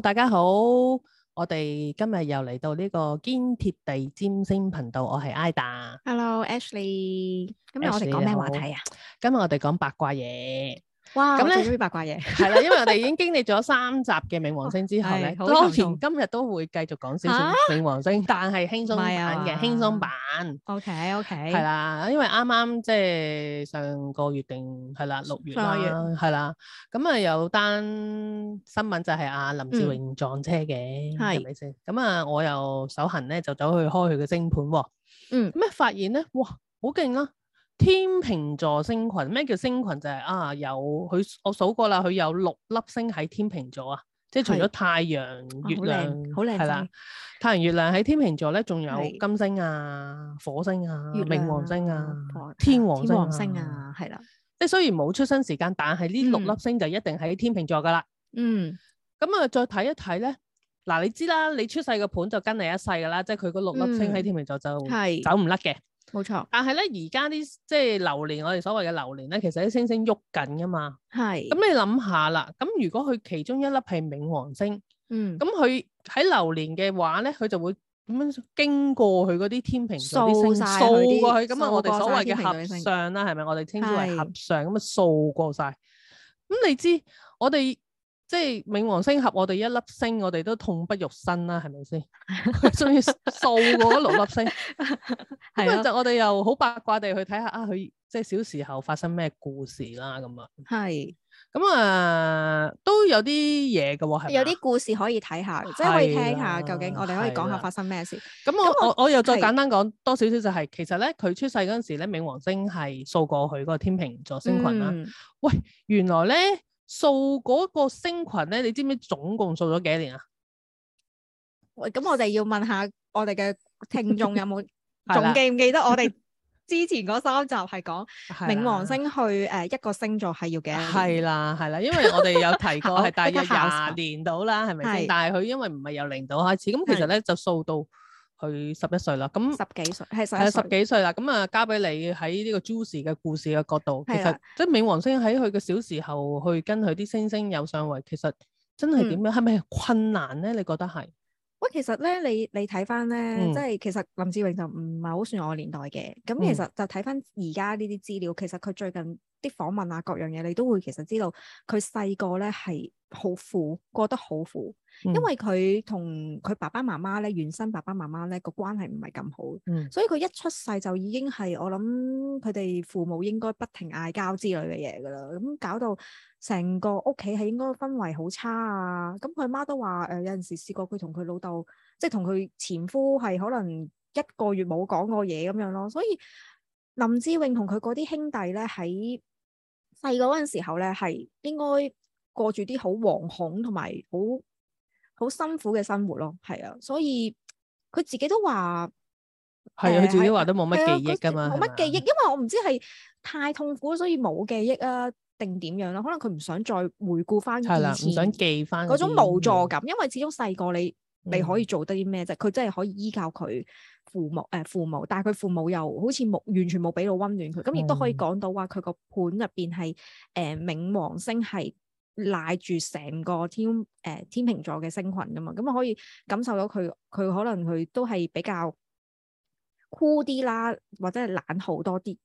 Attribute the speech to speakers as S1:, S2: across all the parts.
S1: 大家好，我哋今日又嚟到呢、這個堅貼地占星頻道，我係 ida，Hello
S2: Ashley，今日我哋講咩話題啊？
S1: 今日我哋講八卦嘢。
S2: 哇！咁咧，八卦嘢係啦，因為我哋已
S1: 經經歷咗三集嘅冥王星之後咧，當前今日都會繼續講少少冥王星，但係輕鬆版嘅輕鬆版。OK，OK。係啦，因為啱啱即係上個月定係啦六月啦，係啦。咁啊有單新聞就係阿林志穎撞車嘅，係咪先？咁啊我又手痕咧，就走去開佢嘅星盤喎。嗯。咩發現咧？哇，好勁啦！天秤座星群。咩叫星群？就係、是、啊有佢，我數過啦，佢有六粒星喺天秤座啊，即係除咗太陽的月亮係啦太陽月亮喺天秤座咧，仲有金星啊火星啊月亮冥王星啊
S2: 火天王天王星啊
S1: 係啦，即係雖然冇出生時間，但係呢六粒星就一定喺天秤座噶、
S2: 嗯
S1: 嗯、啦嗯，咁啊再睇一睇咧，嗱，你知啦，你，你出世個盤就跟你一世噶啦，即係佢嗰六粒星喺天秤座就係走唔甩嘅。嗯嗯冇錯，但係咧，而家啲即係流年，我哋所謂嘅流年咧，其實啲星星喐緊噶嘛。係，咁你諗下啦，咁如果佢其中一粒係冥王星，嗯，咁佢喺流年嘅話咧，佢就會咁樣經過佢嗰啲天平嗰啲星星掃過去，咁啊，我哋所謂嘅合相啦，係咪？我哋稱之為合相，咁啊掃過晒。咁你知我哋。即係冥王星合我哋一粒星，我哋都痛不欲生啦，係咪先？仲 要掃過六粒星，係 就我哋又好八卦地去睇下啊，佢、啊、即係小時候發生咩故事啦咁啊！係咁啊，都有啲嘢嘅喎，有
S2: 啲故事可以睇下，
S1: 啊、即係可以聽下究竟我哋可以講下發
S2: 生咩事。咁、啊嗯嗯、我我我又再簡單
S1: 講多少少就係、是，是其實咧佢出世嗰陣時咧，冥王星係掃過去嗰個天秤座星群啦。嗯、喂，原來咧。掃嗰個星群咧，你知唔知總共掃咗幾年啊？
S2: 咁我哋要問下我哋嘅聽眾有冇仲記唔記得我哋之前嗰三集係講冥王星去誒一個星座係要幾年？係啦係啦，因為我哋有提過係大約廿年
S1: 到啦，係咪先？但係佢因為唔係由零度開始，咁其實咧就掃到。佢十一歲啦，咁十幾歲係十幾歲啦，咁啊交俾你喺呢個 Juicy 嘅故事嘅角度，的其實即係冥王星喺佢嘅小時候去跟佢啲星星有上位，其實真係點樣？係咪、嗯、困難咧？你覺得係？
S2: 喂，其實咧，你你睇翻咧，嗯、即係其實林志穎就唔係好算我年代嘅，咁其實就睇翻而家呢啲資料，其實佢最近。啲訪問啊，各樣嘢你都會其實知道，佢細個咧係好苦，過得好苦，嗯、因為佢同佢爸爸媽媽咧，原生爸爸媽媽咧，個關係唔係咁好，嗯、所以佢一出世就已經係我諗佢哋父母應該不停嗌交之類嘅嘢噶啦，咁搞到成個屋企係應該氛圍好差啊，咁佢阿媽都話誒、呃、有陣時試過佢同佢老豆，即係同佢前夫係可能一個月冇講過嘢咁樣咯，所以林志穎同佢嗰啲兄弟咧喺。細個嗰陣時候咧，係應該過住啲好惶恐同埋好好辛苦嘅生活咯，係啊，所以佢自己都話係啊，佢的、呃、自己話都冇乜記憶噶嘛，冇乜記憶，吧因為我唔知係太痛苦，所以冇記憶啊，定點樣啦、啊？可能佢唔想再回顧翻係啦，唔想記翻嗰種無助感，因為始終細個你。你可以做得啲咩啫？佢真係可以依靠佢父母誒、呃，父母，但係佢父母又好似冇完全冇俾到溫暖佢，咁亦都可以講到話佢個盤入邊係誒冥王星係賴住成個天誒、呃、天秤座嘅星群噶嘛，咁可以感受到佢佢可能佢都係比較酷啲啦，或者係懶好多啲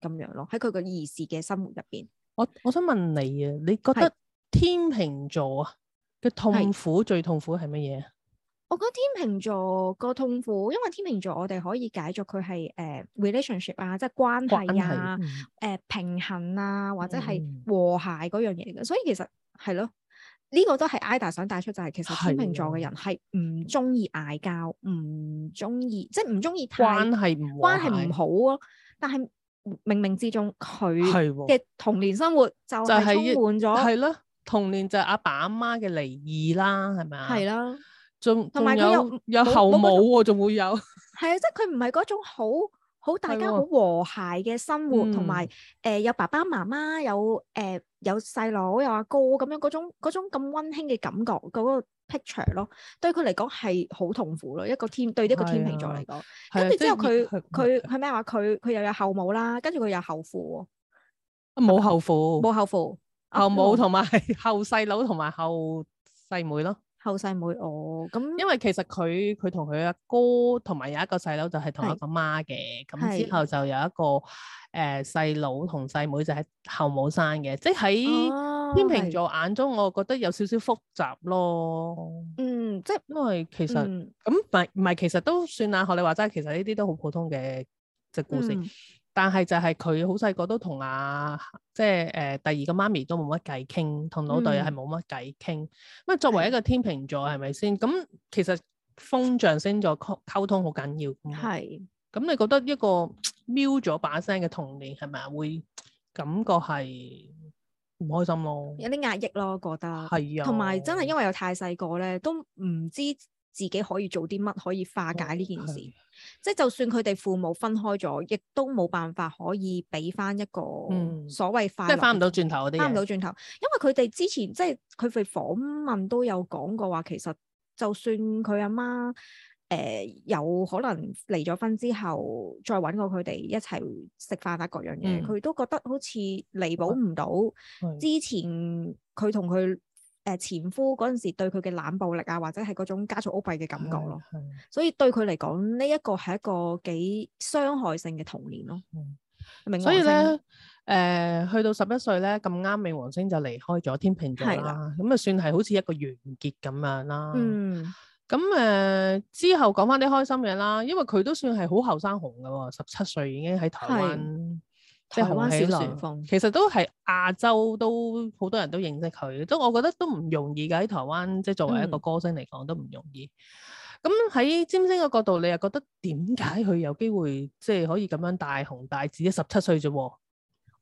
S2: 咁樣咯。喺佢個兒時嘅生活入邊，我我想問你啊，你覺得
S1: 天秤座啊嘅痛苦最痛苦係乜嘢？
S2: 我覺得天秤座個痛苦，因為天秤座我哋可以解作佢係誒 relationship 啊，即係關係啊，誒、嗯呃、平衡啊，或者係和諧嗰樣嘢嘅。嗯、所以其實係咯，呢、呢個都係 IDA 想帶出就係、係、其實天秤座嘅人係唔中意嗌交，唔中意即係唔中意太關係關係唔好啊。但係冥冥之中佢嘅童年生活就係係、啊、充滿咗、啊，係咯、
S1: 啊，童年就係阿爸阿媽嘅離異啦，係咪啊？係啦。仲同埋佢有有後母喎，
S2: 仲會有係啊！即係佢唔係嗰種好好大家好和諧嘅生活，同埋誒有爸爸媽媽有誒有細佬有阿哥咁樣嗰種嗰種咁溫馨嘅感覺嗰個 picture 咯。對佢嚟講係好痛苦咯，一個天對一個天秤座嚟講。跟住之後佢佢佢係咩話佢佢又有後母啦，跟住佢又有後父。
S1: 冇後父，冇後父，後母同埋後細佬同埋後細妹咯。後細妹哦，咁因為其實佢佢同佢阿哥同埋有一個細佬就係同一個媽嘅，咁是之後就有一個誒細佬同細妹就係後母生嘅，即喺天秤座眼中，我覺得有少少複雜咯。哦、嗯，即係因為其實咁唔係唔係，其實都算啦。學你話齋，其實呢啲都好普通嘅即係故事。嗯但係就係佢好細個都同阿、啊、即係誒、呃、第二個媽咪都冇乜偈傾，同老豆係冇乜偈傾。咁、嗯、作為一個天秤座係咪先？咁、嗯、其實風象星座溝溝通好緊要。係是。咁你覺得一個喵咗把聲嘅童年係咪啊？會感覺係唔開心咯。
S2: 有啲壓抑咯，覺得。係啊。同埋真係因為有太細個咧，都唔知。自己可以做啲乜可以化解呢件事？嗯、即係就算佢哋父母分開咗，亦都冇辦法可以俾翻一個所謂化解、嗯，即係翻唔到轉頭嗰啲。翻唔到轉頭，因為佢哋之前即係佢哋訪問都有講過話，其實就算佢阿媽誒有可能離咗婚之後，再揾過佢哋一齊食飯啊各樣嘢，佢、嗯、都覺得好似彌補唔到、嗯、之前佢同佢。誒、呃、前夫嗰陣時對佢嘅冷暴力啊，或者係嗰種家暴屋廢嘅感覺咯， 所以對佢嚟講呢一個係一個幾傷害性嘅童年咯。嗯、
S1: 是是所以咧，誒、呃、去到十一歲咧，咁啱，冥王星就離開咗天秤座啦，咁啊的算係好似一個完結咁樣啦。咁誒、嗯呃、之後講翻啲開心嘅啦，因為佢都算係好後生紅噶喎，十七歲已經喺台灣。即係《台灣小旋風》，其實都係亞洲都好多人都認識佢，都我覺得都唔容易㗎。喺台灣即係作為一個歌星嚟講、嗯、都唔容易。咁喺占星嘅角度，你又覺得點解佢有機會、嗯、即係可以咁樣大紅大紫？一十七歲啫喎。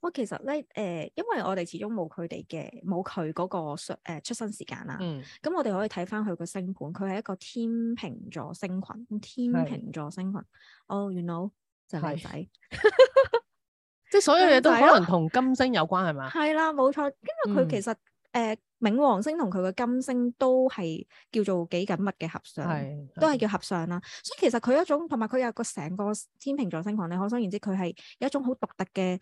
S2: 我其實咧誒、呃，因為我哋始終冇佢哋嘅冇佢嗰個出生時間啦。嗯。咁我哋可以睇翻佢個星盤，佢係一個天秤座星群，天秤座星群。哦是，原來就係仔。是 即係所有嘢都可能同金星有關係嘛？係啦、嗯，冇錯吧。跟住佢其實誒、呃，冥王星同佢嘅金星都係叫做幾緊密嘅合相，是都係叫合相啦。的所以其實佢一種同埋佢有個成個天秤座星群咧，可想而知佢係有一種好獨特嘅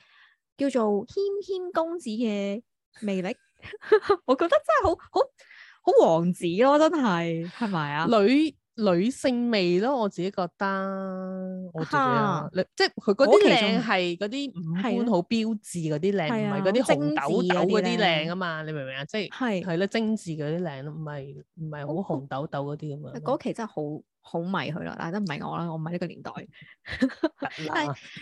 S2: 叫做謙謙公子嘅魅力。 我覺得真係好好好王子咯，真係係咪啊？嗎女。女性
S1: 味咯，我自己覺得，我覺得哈即係佢嗰啲靚係嗰啲五官好標致嗰啲靚，唔係嗰啲紅豆豆嗰啲靚啊嘛，美你明唔明啊？即係係啦，精緻嗰啲靚咯，唔係唔係好紅豆豆嗰啲咁啊。嗰、嗯、期真係好好
S2: 迷佢咯，但係都唔係我啦，我唔係呢個年代。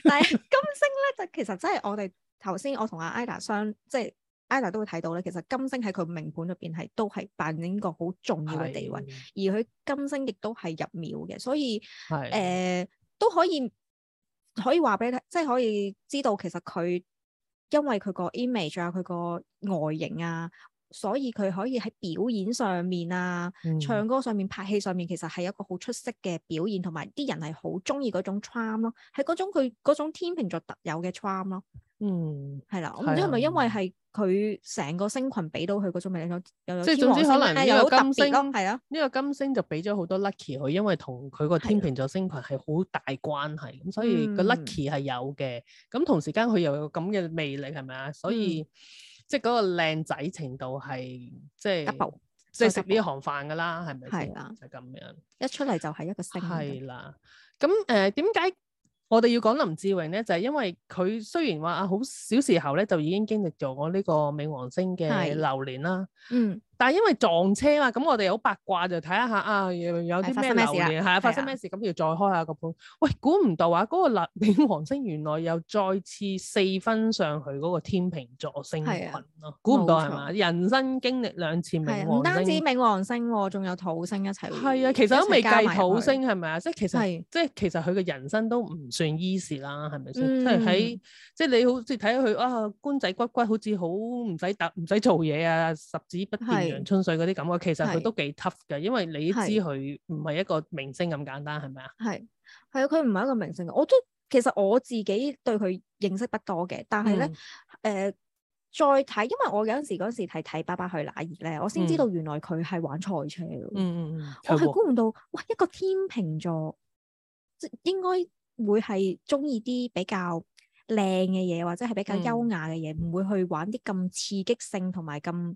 S1: 但
S2: 係金 星咧，就其實真係我哋頭先我同阿 Ada 相即係。就是 Ida 都會睇到咧，其實金星喺佢命盤入邊係都係扮演一個好重要嘅地位，的而佢金星亦都係入廟嘅，所以誒的、呃、都可以可以話俾你，即係可以知道其實佢因為佢個 image 啊，佢個外形啊，所以佢可以喺表演上面啊、嗯、唱歌上面、拍戲上面，其實係一個好出色嘅表現，同埋啲人係好中意嗰種 charm 咯，係嗰種佢嗰種天秤座特有嘅 charm 咯。嗯，係啦，我唔知係咪因為係佢成個星群俾到佢嗰種魅力，有又有天王星，總之可能咧，有金星，係
S1: 咯，呢個金星就俾咗好多 lucky 佢，因為同佢個天秤座星群係好大關係，咁所以個 lucky 係有嘅，咁同時間佢又有咁嘅魅力，係咪啊？所以即係嗰個靚仔程度係即係，即係食呢行飯噶啦，係咪？係啦，就咁樣，一出嚟就係一個星。係啦，咁誒，點解？我哋要講林志穎咧，就係、是、因為佢雖然話啊好小時候咧就已經經歷咗我呢個冥王星嘅流年啦。但係因為撞車啊嘛，咁我哋好八卦就睇一下啊，有啲咩流嘢，啊發生咩事，、啊、事？咁、啊、要再開下個盤。喂，估唔到啊！嗰、那個立冥王星原來又再次四分上去嗰個天秤座星群咯，估唔、啊、到係嘛錯？人生經歷兩次冥王唔單止冥
S2: 王星喎，仲、啊啊、有土星一齊。係啊，其實都未計土星
S1: 係咪啊，去啊？即係其實是即係其實佢嘅人生都唔算 easy 啦，係咪先？即係喺即係你好似睇佢啊官仔骨骨好，好似好唔使打唔使做嘢啊，十指不動。陽春水嗰啲感覺，其實佢都幾 tough 嘅，因為你知佢唔係一個明星咁簡單，係咪啊？
S2: 係係啊，佢唔係一個明星，我都其實我自己對佢認識不多嘅，但係咧，誒，再睇，因為我有陣時嗰時係睇《爸爸去哪兒》咧，我先知道原來佢係玩賽車。嗯嗯嗯，我係估唔到，哇，一個天秤座，應該會係中意啲比較靚嘅嘢，或者係比較優雅嘅嘢，唔會去玩啲咁刺激性同埋咁。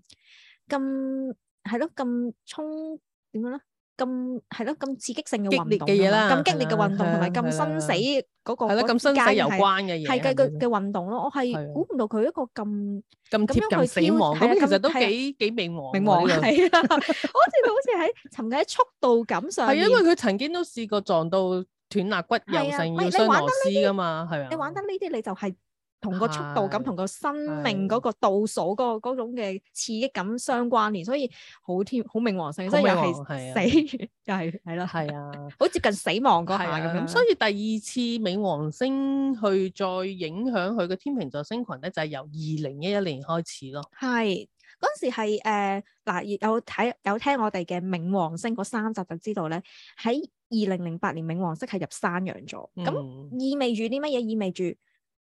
S2: 咁係咯，咁衝點樣咧？咁係咯，咁刺激性嘅激烈嘅嘢啦，咁激烈嘅運動同埋咁生死嗰個係咯，咁生死攸關嘅嘢係計佢嘅運動咯。我係估唔到佢一個咁咁貼近死亡，咁其實都幾幾命亡，命亡。好似佢好似喺沉浸喺速度感上，係因為佢曾經都
S1: 試過撞到斷肋骨、韌帶、碎螺絲噶嘛，係咪？你玩
S2: 得呢啲你就係。同個速度感、同是個生命嗰個倒數嗰、那、嗰、個、是種嘅刺激感相關聯，所以好天好冥王星，即係又係死，
S1: 又係係咯，係啊，好接近死亡嗰下咁。所以第二次冥王星去再影響
S2: 佢嘅天秤座星群咧，就係、是、由二零一一年開始咯。係嗰陣時係嗱、呃，有睇有聽我哋嘅冥王星嗰三集就知道咧，喺二零零八年冥王星係入山羊座，咁、嗯、意味住啲乜嘢？意味住？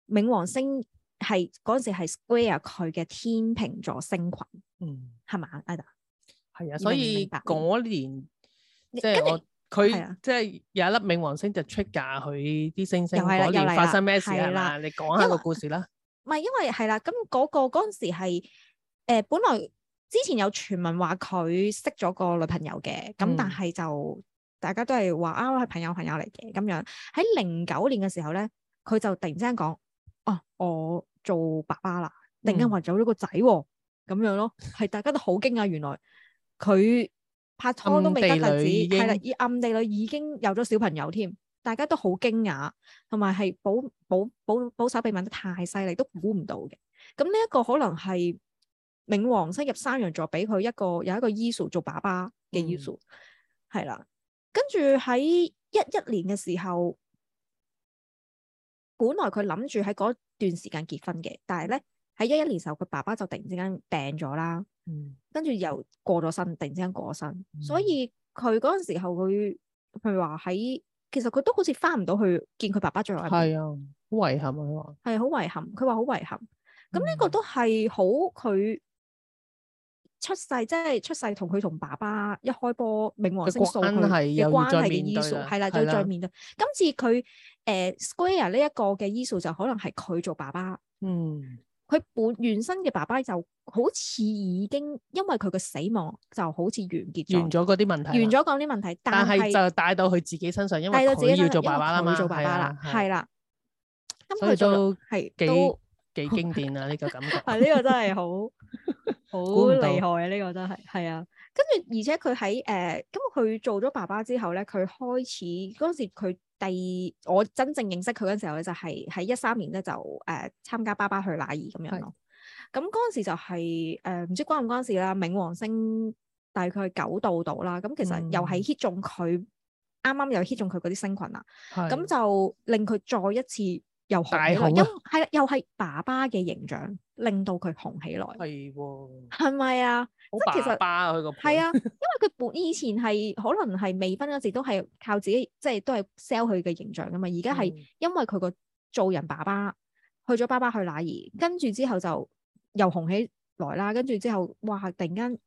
S2: 冥王星係嗰時係 square 佢嘅天秤座星群，嗯，係嘛，Ada，係啊，所以嗰年即係我佢即
S1: 係有一粒冥王星就 trigger 佢啲星星，又係啦，又嚟啦，發生咩事啊？你講下個
S2: 故事啦。唔係因為係啦，咁嗰個嗰時係誒本來之前有傳聞話佢識咗個女朋友嘅，咁但係就大家都係話啊係朋友朋友嚟嘅，咁樣喺零九年嘅時候咧，佢就突然之間講。哦、啊，我做爸爸啦！突然間話有咗個仔咁、嗯、樣咯，係大家都好驚訝，原來佢拍拖都未得日子，係啦，暗地裏已經有咗小朋友添，大家都好驚訝，同埋係保保保保守秘密得太犀利，都估唔到嘅。咁呢一個可能係冥王星入山羊座，俾佢一個有一個意思做爸爸嘅意思，係啦、嗯，跟住喺一一年嘅時候。本來佢諗住喺嗰段時間結婚嘅，但係咧喺一一年時候佢爸爸就突然之間病咗啦，嗯、跟住又過咗身，突然之間過咗身，嗯、所以佢嗰陣時候佢佢話喺，其實佢都好似返唔到去見佢爸爸最後一面，係啊，好遺憾啊，佢話係好遺憾，佢話好遺憾，咁呢、嗯、個都係好佢。出世即係出世，同佢同爸爸一開波冥王星數佢有關係嘅因素，係啦，就再面對。今次佢誒 Square 呢一個嘅因素就可能係佢做爸爸。嗯，佢本原生嘅爸爸就好似已經因為佢嘅死亡就好似完結咗嗰啲問題，完咗嗰啲問題，但係就帶到佢自己身上，因為佢要做爸爸啦嘛，係啦，所以都係
S1: 幾幾經典啊呢個感覺。
S2: 係呢個真係好。好厲害啊！呢個真係係啊，跟住而且佢喺誒，咁、呃、佢做咗爸爸之後咧，佢開始嗰陣時，佢第我真正認識佢嗰陣時候咧，就係、是、喺一三年咧，就誒參、呃、加爸爸去哪兒咁樣咯。咁嗰陣時就係、是、誒，唔、呃、知關唔關事啦，冥王星大概九度度啦。咁、嗯嗯、其實又係 hit 中佢，啱啱又 hit 中佢嗰啲星群啦。咁是就令佢再一次。又紅大紅、啊，係啦，又係爸爸嘅形象令到佢紅起來，係喎的，係咪啊？爸爸啊即係其實爸爸去個，係啊，因為佢本以前係可能係未婚嗰時都係靠自己，即係都係 sell 佢嘅形象㗎嘛。而家係因為佢個做人爸爸去咗爸爸去哪兒，跟住之後就又紅起來啦。跟住之後，哇！突然間～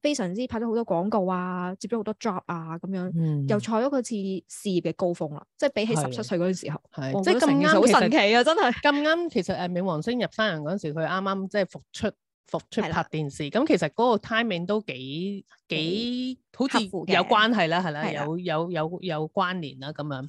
S2: 非常之拍咗好多廣告啊，接咗好多 job 啊，咁樣、嗯、又在咗一次事業嘅高峰啦、啊。即係比起十七歲嗰陣時候，即係咁啱，好神奇啊！真係咁啱，
S1: 其實誒冥王星入山羊嗰陣時，佢啱啱即係復出復出拍電視。咁的其實嗰個 timing 都幾幾的好似有關係啦，係啦的，有有有有，有，有關聯啦咁樣。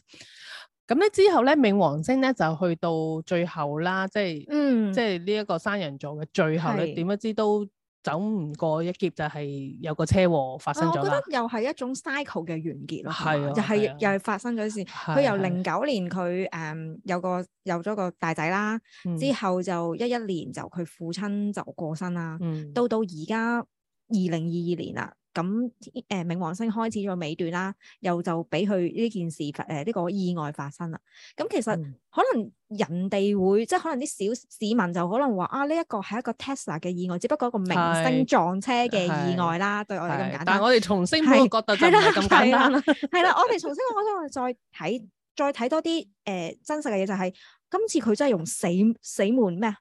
S1: 咁咧之後咧，冥王星咧就去到最後啦，即係、嗯、即係呢一個山羊座嘅最後咧，點的不知都。走唔過一劫就係、是、有個車禍發生咗、啊，我覺得
S2: 又係一種 cycle 嘅完結咯，就係又係發生咗啲事。佢、啊啊、由零九年佢誒、嗯、有個有咗個大仔啦，之後就一一年就佢父親就過身啦，嗯、到到而家二零二二年啦。咁誒，冥、呃、王星開始咗尾段啦，又就俾佢呢件事發誒呢個意外發生啦。咁其實可能人哋會、嗯、即係可能啲小市民就可能話啊，呢、這個、一個係一個 Tesla 嘅意外，只不過一個明星撞車嘅意外啦，是對我哋咁簡單。但係我哋重新換個角度，就唔係咁簡單啦。係啦， 我哋重新我我想再睇再睇多啲誒、呃、真實嘅嘢、就是，就係今次佢真係用死死門咩？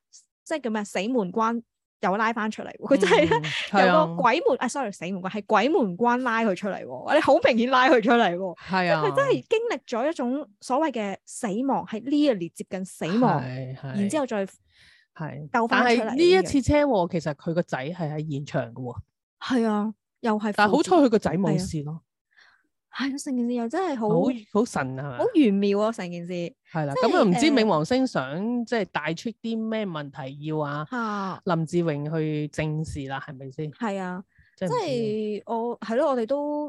S2: 即係叫咩？死門關。又拉翻出嚟，佢真係咧有個鬼門啊、哎、，sorry 死門關，係鬼門關拉佢出嚟，你好明顯拉佢出嚟，
S1: 佢、啊、真係
S2: 經歷咗一種所謂嘅死亡，喺呢一年接近死亡，是是是然之後再係救翻出嚟。呢一次
S1: 車禍其實佢個仔係喺現場嘅喎，
S2: 係啊，又係，但係好彩佢個仔冇事咯。係成件事又真係好
S1: 好神啊，係咪？好
S2: 玄妙啊，成件事。係啦、啊，咁又唔知冥王
S1: 星想即係帶出啲咩問題，要啊，啊林志穎去正視啦，係咪先？
S2: 係啊，即係我係咯，我哋、啊、都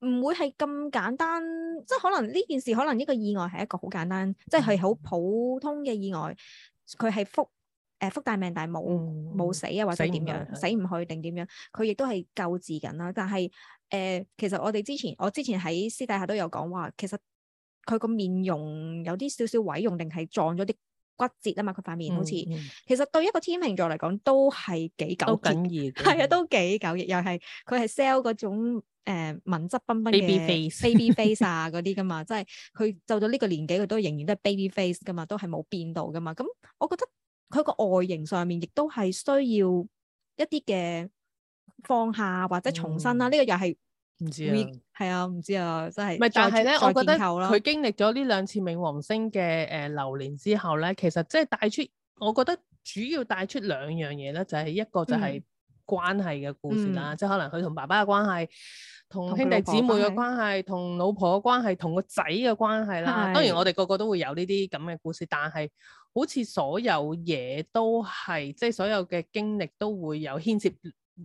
S2: 唔會係咁簡單，即係可能呢件事，可能呢個意外係一個好簡單，即係係好普通嘅意外。佢係福誒、呃、福大命大冇冇死啊，或者點樣死唔去定點樣？佢亦都係救治緊啦，但係。誒、呃，其實我哋之前，我之前喺私底下都有講話，其實佢個面容有啲少少毀容，定係撞咗啲骨折啊嘛，佢塊面好似，嗯嗯、其實對一個天秤座嚟講，都係幾糾結，係啊，都幾糾結，又係佢係 sell 嗰種誒，文、呃、質彬彬 baby face，baby face 啊，嗰啲噶嘛，即係佢就到呢個年紀，佢都仍然都係 baby face 噶嘛，都係冇變到噶嘛。咁我覺得佢個外形上面，亦都係需要一啲嘅。放下或者重生啦，呢個又係唔知啊，係啊，唔知啊，真係。唔係但係咧，我覺得佢
S1: 經歷咗呢兩次冥王星嘅誒流年之後咧，其實即係帶出，我覺得主要帶出兩樣嘢咧，就係一個就係關係嘅故事啦，即係可能佢同爸爸嘅關係、同兄弟姊妹嘅關係、同老婆嘅關係、同個仔嘅關係啦。當然我哋個個都會有呢啲咁嘅故事，但係好似所有嘢都係即係所有嘅經歷都會有牽涉。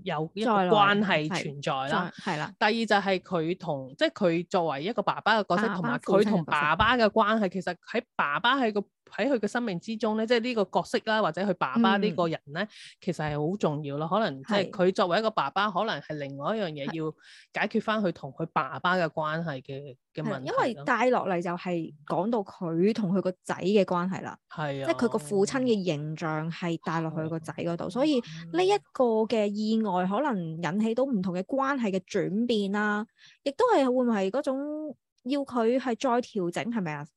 S1: 有一個關係存在啦，係啦。第二就係佢同即係佢作為一個爸爸嘅角色，同埋佢同爸爸嘅關係，其實喺爸爸喺個。喺佢嘅生命之中咧，即係呢個角色啦，或者佢爸爸呢個人咧，嗯、其實係好重要咯。可能即係佢作為一個爸爸，是可能係另外一樣嘢要解決翻佢同佢爸爸嘅關係嘅嘅問題。因為帶
S2: 落嚟就係講到佢同佢個仔嘅關係啦。係啊，即係佢個父親嘅形象係帶落去個仔嗰度，的所以呢一個嘅意外可能引起到唔同嘅關係嘅轉變啦、啊，亦都係會唔係嗰種要佢係再調整，係咪啊？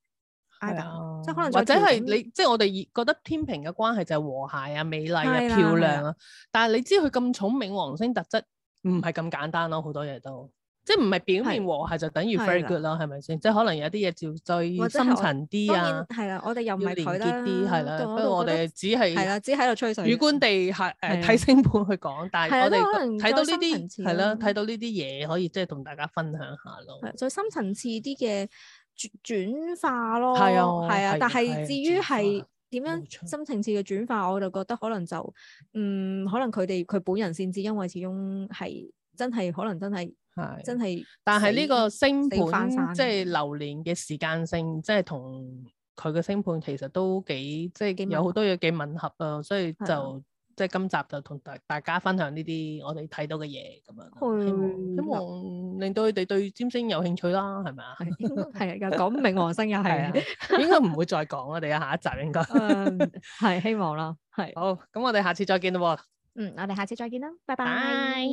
S2: 係即係可能，或者係你，
S1: 即係我哋而覺得天平嘅關係就係和諧啊、美麗啊、漂亮啊。但係你知佢咁重冥王星特質，唔係咁簡單咯，好多嘢都即係唔係表面和諧就等於 very good 咯，係咪先？即係可能有啲嘢要最深層啲啊。係啦，我哋又唔係連結啲，係啦。不過我哋只係係啦，只喺度吹水。主觀地係誒，睇星盤去講，但係我哋睇到呢啲係啦，睇到呢啲嘢可以即係同大家分享下咯。
S2: 最深層次啲嘅。轉化咯，係 啊，係啊，但係至於係點樣深層次嘅轉化，錯我就覺得可能就，嗯，可能佢哋佢本人先知，因為始終係真係可能真係的真係。但係呢個星盤即係流
S1: 年嘅時間性，即係同佢嘅星盤其實都幾即係、就是、有好多嘢幾吻合啊，所以就。即係今集就同大大家分享呢啲我哋睇到嘅嘢咁樣 希，希望令到佢哋對占星有興趣啦，係咪啊？係啊， 又講冥王星又係，應該唔會再講我哋啊，下一集應該係、 嗯、希望啦，係好，咁我哋下次再見咯，嗯，
S2: 我哋下次再見啦，拜拜。